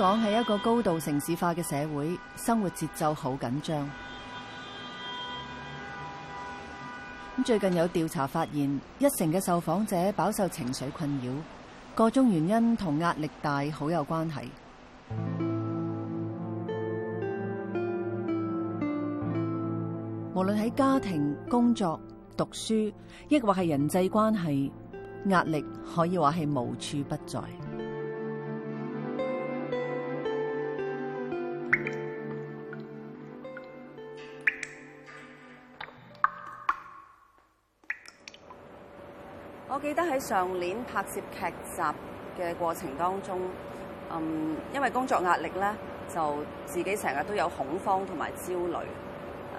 香港係一個高度城市化嘅社會，生活節奏好緊張。最近有調查發現，一成嘅受訪者飽受情緒困擾，各種原因同壓力大好有關係。無論喺家庭、工作、讀書，抑或係人際關係，壓力可以話係無處不在。記得喺上年拍攝劇集嘅過程當中，嗯，因為工作壓力咧，就自己成日都有恐慌同埋焦慮，嗯，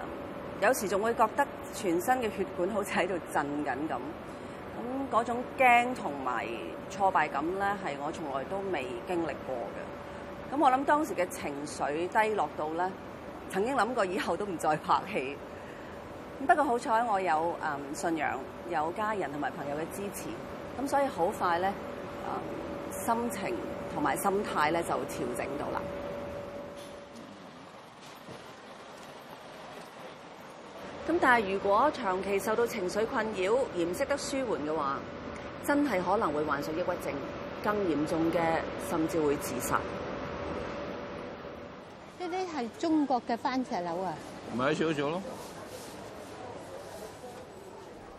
有時仲會覺得全身嘅血管好似喺度震緊咁。咁嗰種驚同埋挫敗感咧，係我從來都未經歷過嘅。咁我諗當時嘅情緒低落到咧，曾經諗過以後都唔再拍戲。不過好彩，我有誒信仰，有家人同埋朋友嘅支持，咁所以好快咧，心情同埋心態咧就調整到啦。咁但係如果長期受到情緒困擾，而唔識得舒緩嘅話，真係可能會患上抑鬱症，更嚴重嘅甚至會自殺。呢啲係中國嘅番茄樓啊？唔係，少咗咯。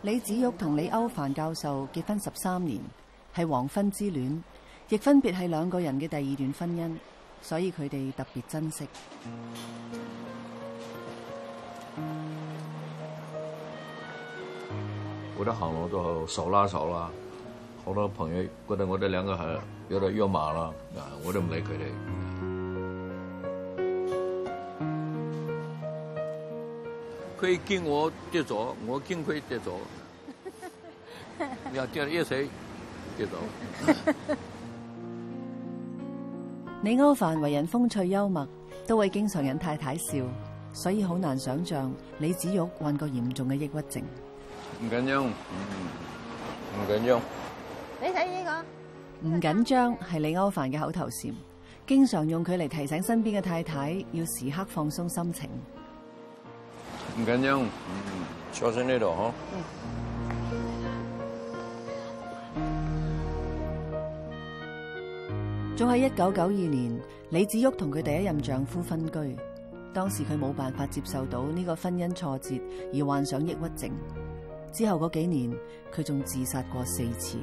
李子玉同李歐梵教授結婚十三年，係黃昏之戀，亦分別係兩個人嘅第二段婚姻，所以佢哋特別珍惜。我得行路都係手拉手啦，好多朋友覺得我哋兩個係有點肉麻啦，我都唔理佢哋。會驚我跌咗？我驚佢跌咗？你要跌一水跌咗。李歐梵為人風趣幽默，都會經常引太太笑，所以好難想象李子玉患過嚴重嘅抑鬱症。唔緊張，唔、嗯、緊張。你睇呢、這個？唔緊張係李歐梵嘅口頭禪，經常用佢嚟提醒身邊嘅太太要時刻放鬆心情。唔緊張，坐喺呢度嗬。早喺一九九二年，李子玉同佢第一任丈夫分居，當時佢冇辦法接受到呢個婚姻挫折，而患上抑鬱症。之後嗰幾年，佢仲自殺過四次。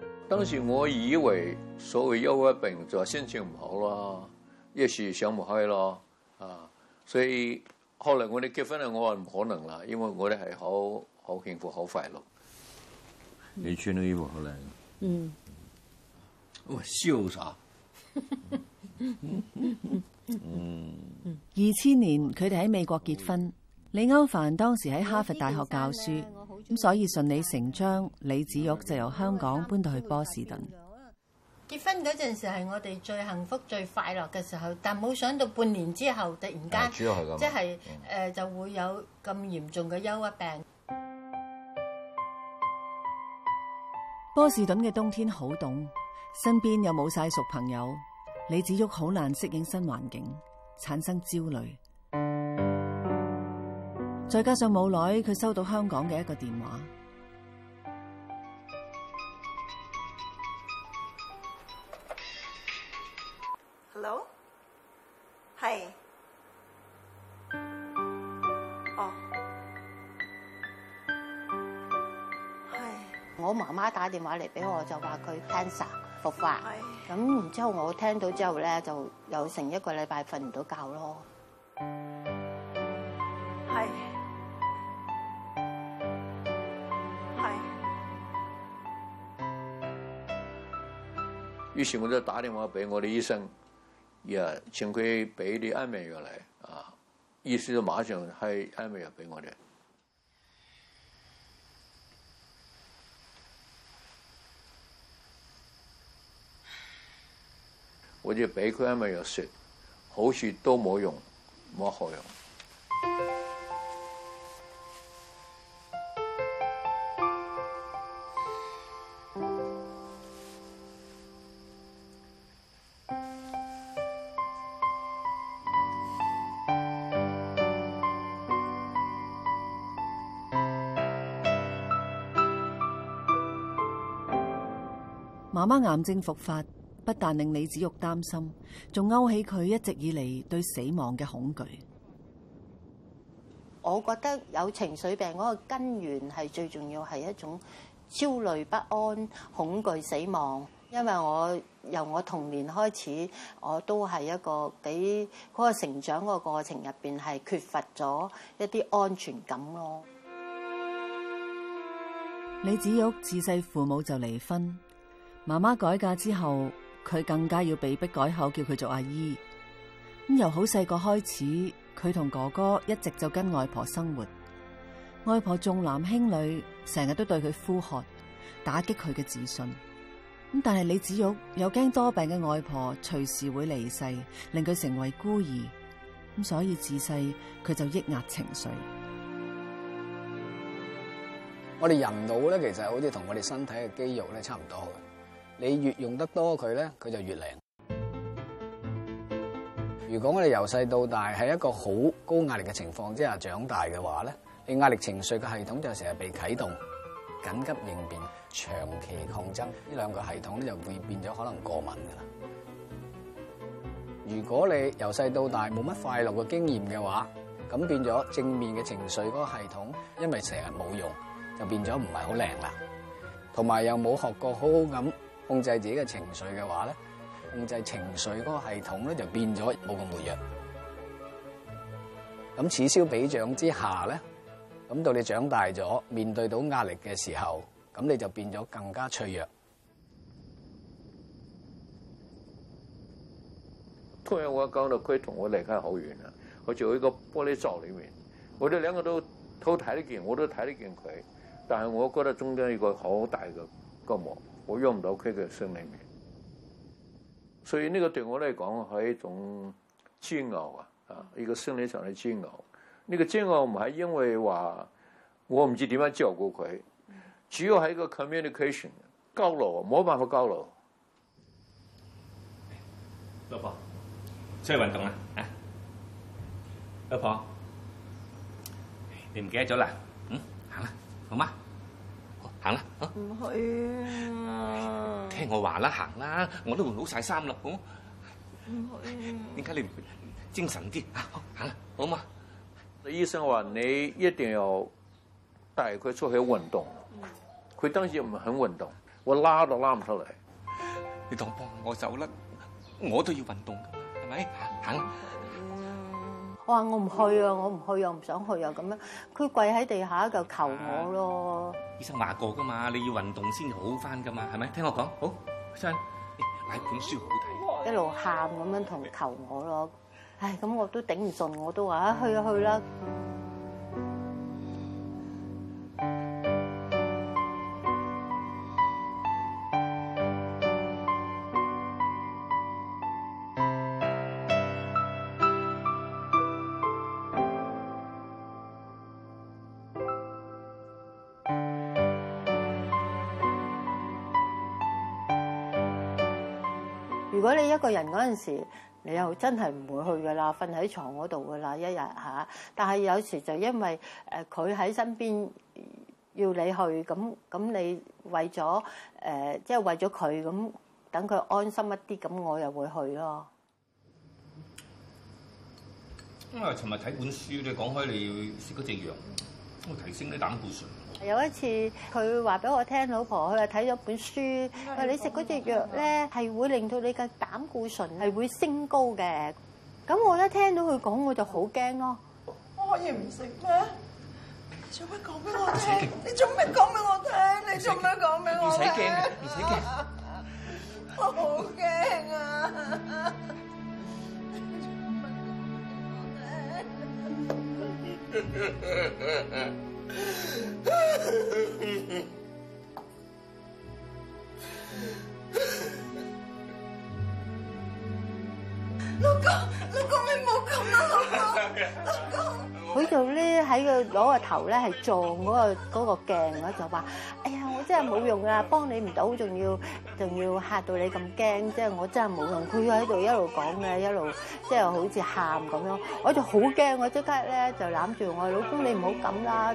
嗯、當時我以為所謂憂鬱病就係心情唔好咯，一時想唔開咯，啊，所以。後來我哋結婚咧，我話唔可能啦，因為我哋係好好幸福，好快樂。你穿咗衣服好靚。嗯。我笑灑。嗯。二千、 嗯、年佢哋喺美國結婚，嗯、李歐梵當時喺哈佛大學教書，咁所以順理成章，李子玉就由香港搬到去波士頓。嗯結婚嗰陣時係我哋最幸福、最快樂嘅時候，但冇想到半年之後突然間，即係是誒、嗯呃、就會有咁嚴重嘅憂鬱病。波士頓嘅冬天好凍，身邊又冇晒熟朋友，李子玉好難適應新環境，產生焦慮。再加上冇耐佢收到香港嘅一個電話。打電話嚟俾我，就話佢 cancer 復發，咁然之後我聽到之後咧，就有成一個禮拜瞓唔到覺咯。係係。於是我就打電話俾我哋醫生，呀，請佢俾啲安眠藥嚟啊！醫生就馬上開安眠藥俾我哋。要俾佢，咪又說，好處都冇用，冇好用。媽媽癌症復發。不但令李子玉擔心，仲勾起佢一直以嚟對死亡嘅恐懼。我覺得有情緒病嗰個根源係最重要，係一種焦慮不安、恐懼死亡。因為我由我童年開始，我都係一個畀嗰個成長個過程入邊係缺乏咗一啲安全感咯。李子玉自細父母就離婚，媽媽改嫁之後，佢更加要被逼改口叫佢做阿姨。咁由好細個開始，佢同哥哥一直就跟外婆生活。外婆重男輕女，成日都對佢呼喝，打擊佢嘅自信。咁但係李子玉又驚多病嘅外婆隨時會離世，令佢成為孤兒。咁所以自細佢就抑壓情緒。我哋人腦咧，其實好似同我哋身體嘅肌肉咧差唔多。你越用得多佢咧，佢就越靈。如果我哋由細到大喺一個好高壓力嘅情況之下長大嘅話咧，你壓力情緒嘅系統就成日被啟動，緊急應變、長期抗爭呢兩個系統咧就會變咗可能過敏㗎啦。如果你由細到大冇乜快樂嘅經驗嘅話，咁變咗正面嘅情緒嗰個系統，因為成日冇用，就變咗唔係好靈啦。同埋又冇學過好好咁控制自己嘅情緒嘅話咧，控制情緒嗰個系統咧就變咗冇咁活躍。咁此消彼長之下咧，咁到你長大咗面對到壓力嘅時候，咁你就變咗更加脆弱。同樣我講到佢同我離開好遠啦，佢住喺個玻璃罩裏面，我哋兩個都都睇得見，我都睇得見佢，但係我覺得中間有一個好大嘅隔膜。我用唔到佢嘅生命面，所以呢個對我嚟講係一種煎熬啊，啊，婆啊！啊、嗯，一個心理上嘅煎熬。呢個煎熬唔係因為話我唔知點樣照顧佢，主要係一個 communication 交流，冇辦法交流。老婆出去運動啦，啊！老婆，你唔記得咗啦？嗯，行啦，好嗎？行啦、啊，唔、啊、去。啊、聽我話啦，行啦、啊，我都換好晒衫啦，好唔去？點解、啊、你唔精神啲啊？行啦，好嘛？醫生話你一定要帶佢出去運動。佢當時唔肯運動，我拉都拉唔出嚟。你當幫我手啦，我都要運動噶嘛，係咪？行、啊。我話我唔去啊！我唔去又唔想去啊！咁樣，佢跪喺地下就求我咯。醫生話過㗎嘛，你要運動先好返㗎嘛，係咪？聽我講，好，醫生買本書好睇。一路喊咁樣同求我咯，唉，咁我都頂唔順，我都話啊，去啊去啦。如果你一個人嗰陣時，你又真係唔會去嘅啦，瞓喺床嗰度嘅啦，一日嚇。但係有時就因為誒佢喺身邊要你去，咁咁你為咗誒即係為咗佢咁，等佢安心一啲，咁我又會去咯。因為尋日睇本書起你講開你要食嗰隻提升你膽固醇。有一次佢話俾我聽，老婆佢話睇咗本書，話你食嗰隻藥咧係會令到你嘅膽固醇係會升高嘅。咁我一聽到佢講，我就好驚咯。我可以唔食咩？你做咩講俾我聽？你做咩講俾我聽？你做咩講俾我聽？唔使驚嘅，唔使驚。我好驚啊！老公，老公你冇咁啊，老公，老公。佢就咧喺個攞個頭咧係撞嗰個嗰個鏡啊，就話，哎呀。即係冇用啊！幫你唔到，仲要仲要嚇到你咁驚，即係我真係冇用。佢喺度一路講嘅，一路即係好似喊咁樣。我就好驚，我即刻咧就攬住我老公，你唔好咁啦。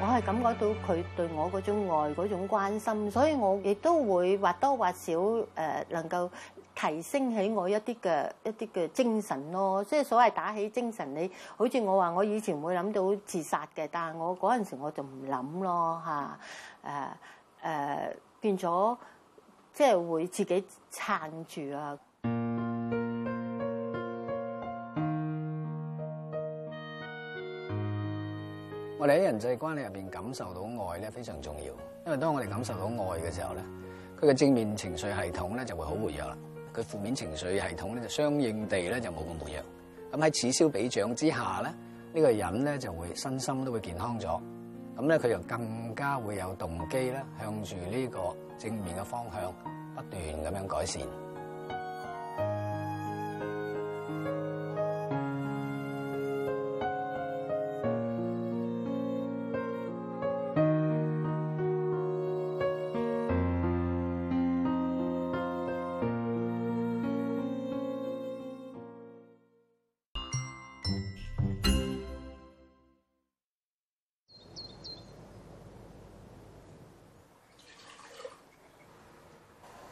我係感覺到佢對我嗰種愛、嗰種關心，所以我亦都會或多或少誒能夠。提升起我一啲嘅一啲嘅精神咯，即係所謂打起精神。你好似我話，我以前會諗到自殺嘅，但係我嗰陣時我就唔諗咯嚇。誒誒，變咗即係會自己撐住啊！我哋喺人際關係入邊感受到愛咧，非常重要。因為當我哋感受到愛嘅時候咧，佢嘅正面情緒系統咧就會好活躍啦。佢負面情緒系統咧就相應地咧就冇咁活躍，咁喺此消彼長之下咧，呢、呢個人咧就會身心都會健康咗，咁咧佢又更加會有動機咧向住呢個正面嘅方向不斷咁樣改善。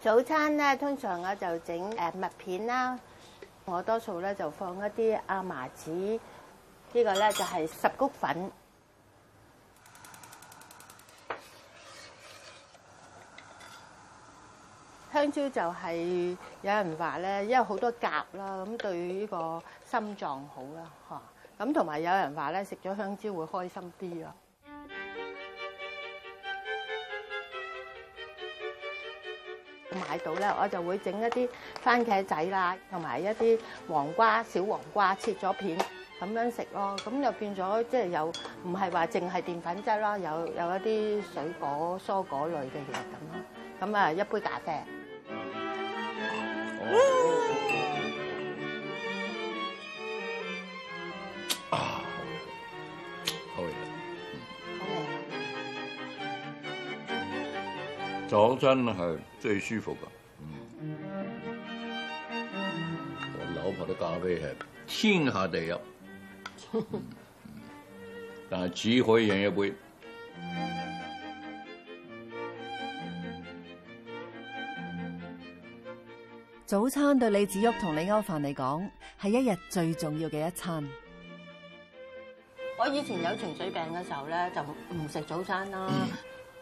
早餐咧，通常我就整誒麥片啦。我多數咧就放一啲亞麻籽，呢、這個咧就係十谷粉。香蕉就係、是、有人話咧，因為好多鉀啦，咁對呢個心臟好啦，嚇。咁同埋有人話咧，食咗香蕉會開心啲啊。買到咧，我就會整一啲番茄仔啦，同埋一啲黃瓜、小黃瓜切咗片咁樣食咯。咁又變咗，即係有唔係話淨係澱粉質咯，有有一啲水果、蔬果類嘅嘢咁咯。咁啊，一杯咖啡。早餐係最舒服㗎。嗯，我老婆嘅咖啡係天下第一。嗯，但係只可以飲一杯。 早餐對李子玉同李歐梵嚟講係一日最重要嘅一餐。我以前有情緒病嘅時候呢，就唔食早餐啦。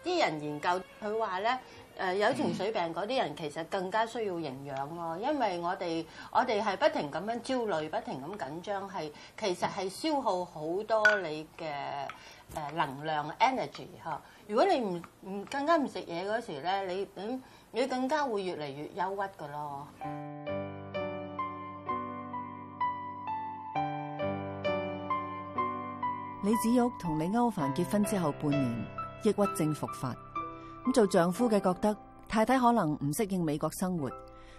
啲、嗯、人研究。佢話咧，誒有情緒病嗰啲人其實更加需要營養咯，因為我哋我哋係不停咁樣焦慮，不停咁緊張，係其實係消耗好多你嘅誒能量 energy 呵。如果你唔唔更加唔食嘢嗰時咧，你嗯你更加會越嚟越憂鬱噶咯。李子玉同李歐梵結婚之後半年，抑鬱症復發。咁做丈夫嘅覺得太太可能唔適應美國生活，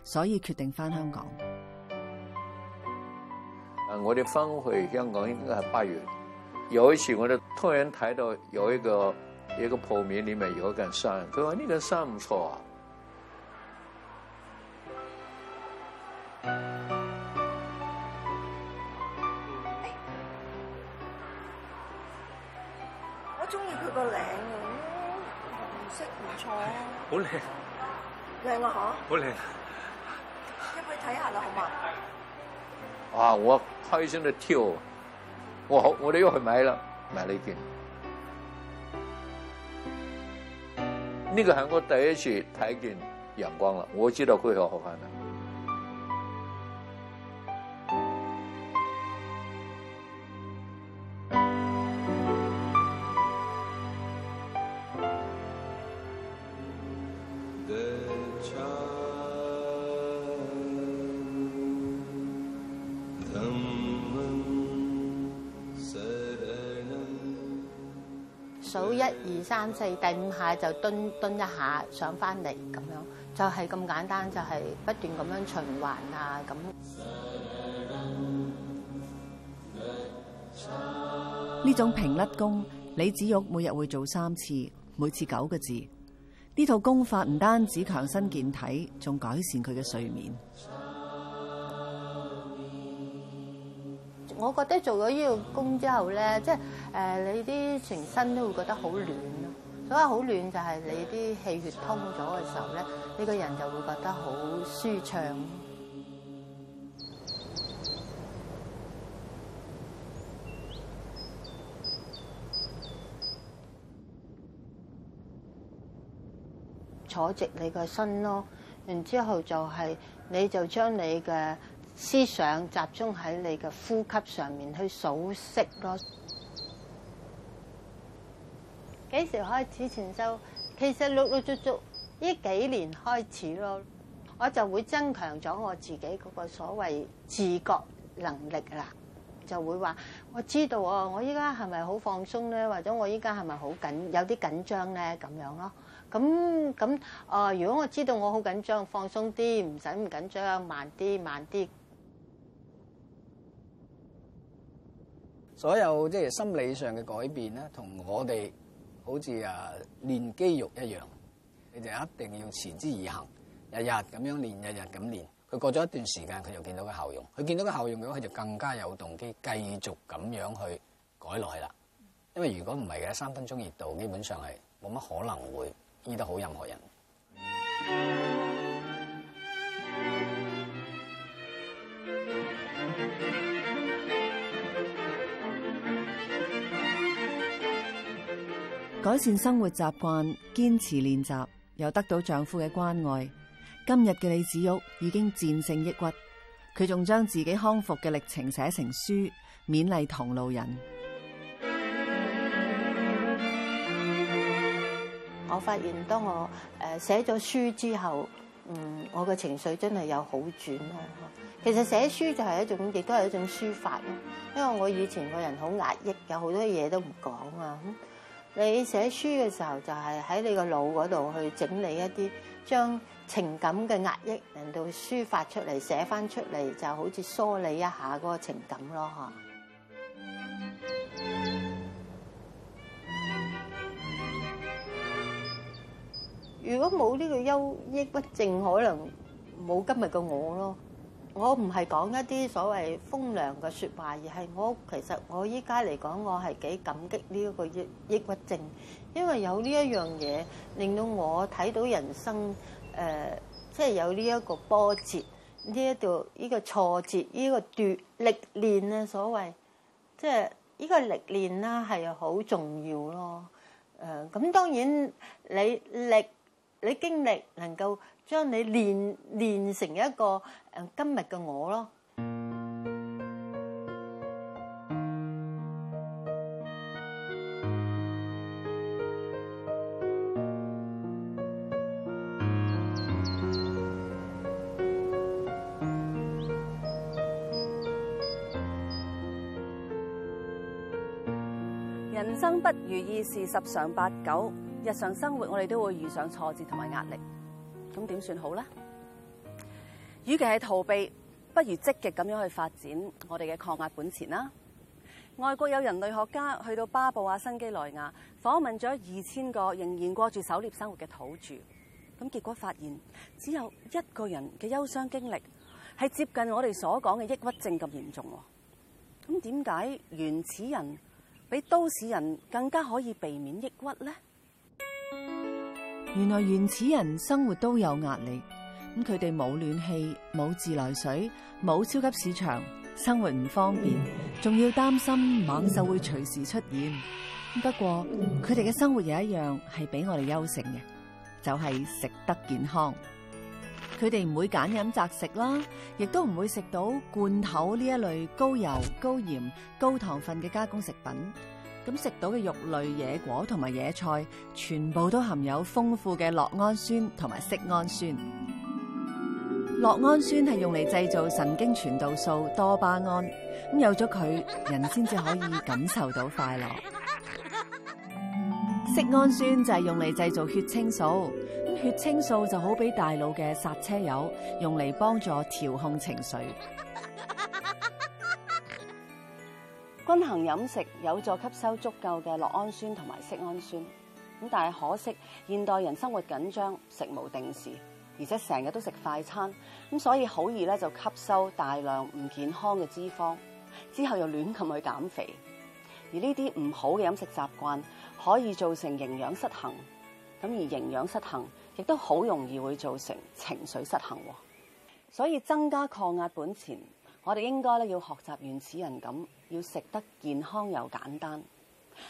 所以決定返香港。誒，我哋返去香港應該係八月。有一次我哋突然睇到有一個有一個鋪面裏面有一間衫，佢話呢間衫唔錯啊，哎。我中意佢個領。色唔錯啊！好靚，靚啊嚇！好靚、啊，好啊、入去睇下啦，好嘛？啊，我開心地跳！我好，我哋又去買啦，買咗一件。呢、呢個係我第一次睇見陽光啦，我知道會好好看嘅。數一二三四，第五下就蹲蹲一下，上翻嚟咁樣，就係咁簡單，就係不斷咁樣循環啊咁。呢種平甩功，李子玉每日會做三次，每次九個字。呢套功法唔單止強身健體，仲改善佢嘅睡眠。我覺得做咗呢個工之後咧，即係誒你啲成身都會覺得好暖咯。所以好暖就係你啲氣血通咗嘅時候咧，呢個人就會覺得好舒暢。坐直你個身咯，然之後就係你就將你嘅。思想集中喺你嘅呼吸上面去數息咯。幾時開始練就？其實陸陸續續呢幾年開始咯，我就會增強咗我自己嗰個所謂自覺能力啦。就會話我知道哦，我依家係咪好放鬆呢？或者我依家係咪好緊有啲緊張呢？咁樣咯。咁咁啊！如果我知道我好緊張，放鬆啲，唔使唔緊張，慢啲慢啲。所有即係心理上嘅改變咧，同我哋好似啊練肌肉一樣，你就一定要持之以恒，日日咁樣練，日日咁練。佢過咗一段時間，佢就見到個效用。佢見到個效用嘅話，佢就更加有動機繼續咁樣去改落去啦。因為如果唔係嘅，三分鐘熱度，基本上係冇乜可能會醫得好任何人。改善生活習慣，堅持練習，又得到丈夫嘅關愛，今日嘅李子玉已經戰勝抑鬱。佢仲將自己康復嘅歷程寫成書，勉勵同路人。我發現，當我誒寫咗書之後，嗯，我嘅情緒真係有好轉咯。其實寫書就係一種，亦都係一種抒發咯。因為我以前個人好壓抑，有好多嘢都唔講啊。你寫書嘅時候，就係喺你個腦嗰度去整理一啲，將情感嘅壓抑令到抒發出嚟，寫返出嚟就好似梳理一下嗰個情感咯嚇。如果冇呢個憂抑鬱症，可能冇今日嘅我咯。我唔係講一啲所謂風涼嘅説話，而係我其實我依家嚟講，我係幾感激呢一個抑抑鬱症，因為有呢一樣嘢令到我睇到人生誒，即、呃、係、就是、有呢一個波折，呢一度呢個挫折，呢、這個奪歷練啊，所謂即係呢個歷練啦，係好重要咯。誒、呃，咁當然你歷你經歷能夠。將你練練成一個今日嘅我咯。人生不如意事十常八九，日常生活我哋都會遇上挫折同埋壓力。咁點算好咧？與其係逃避，不如積極咁樣去發展我哋嘅抗壓本錢啦。外國有人類學家去到巴布亞新幾內亞訪問咗二千個仍然過住狩獵生活嘅土著，咁結果發現，只有一個人嘅憂傷經歷係接近我哋所講嘅抑鬱症咁嚴重。咁點解原始人比都市人更加可以避免抑鬱咧？原來原始人生活都有壓力，咁佢哋冇暖氣、冇自來水、冇超級市場，生活唔方便，仲要擔心猛獸會隨時出現。不過佢哋嘅生活有一樣係俾我哋優勝嘅，就係食得健康。佢哋唔會揀飲擇食啦，亦都唔會食到罐頭呢一類高油、高鹽、高糖分嘅加工食品。咁食到嘅肉類、野果同埋野菜，全部都含有豐富嘅酪氨酸同埋色氨酸。酪氨酸係用嚟製造神經傳導素多巴胺，咁有咗佢，人先至可以感受到快樂。色氨酸就係用嚟製造血清素，咁血清素就好比大腦嘅剎車油，用嚟幫助調控情緒。均衡飲食有助吸收足夠嘅酪氨酸同埋色氨酸，咁但係可惜現代人生活緊張，食無定時，而且成日都食快餐，咁所以好易咧就吸收大量唔健康嘅脂肪，之後又亂咁去減肥，而呢啲唔好嘅飲食習慣可以造成營養失衡，咁而營養失衡亦都好容易會造成情緒失衡，所以增加抗壓本錢。我哋應該咧要學習原始人咁，要食得健康又簡單。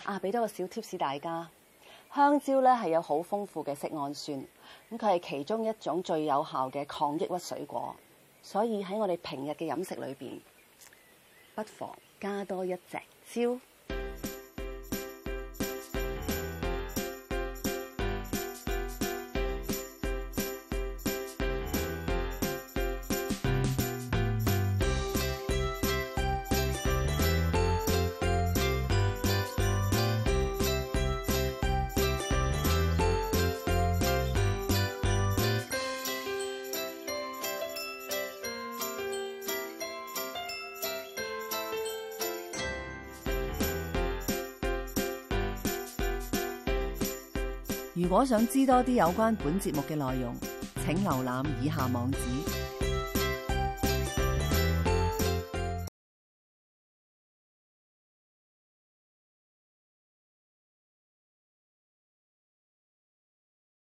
啊，俾多個小貼士大家，香蕉咧係有好豐富嘅色氨酸，咁佢係其中一種最有效嘅抗抑鬱水果，所以喺我哋平日嘅飲食裏面，不妨加多一隻蕉。如果想知多啲有關本節目嘅內容，請瀏覽以下網址。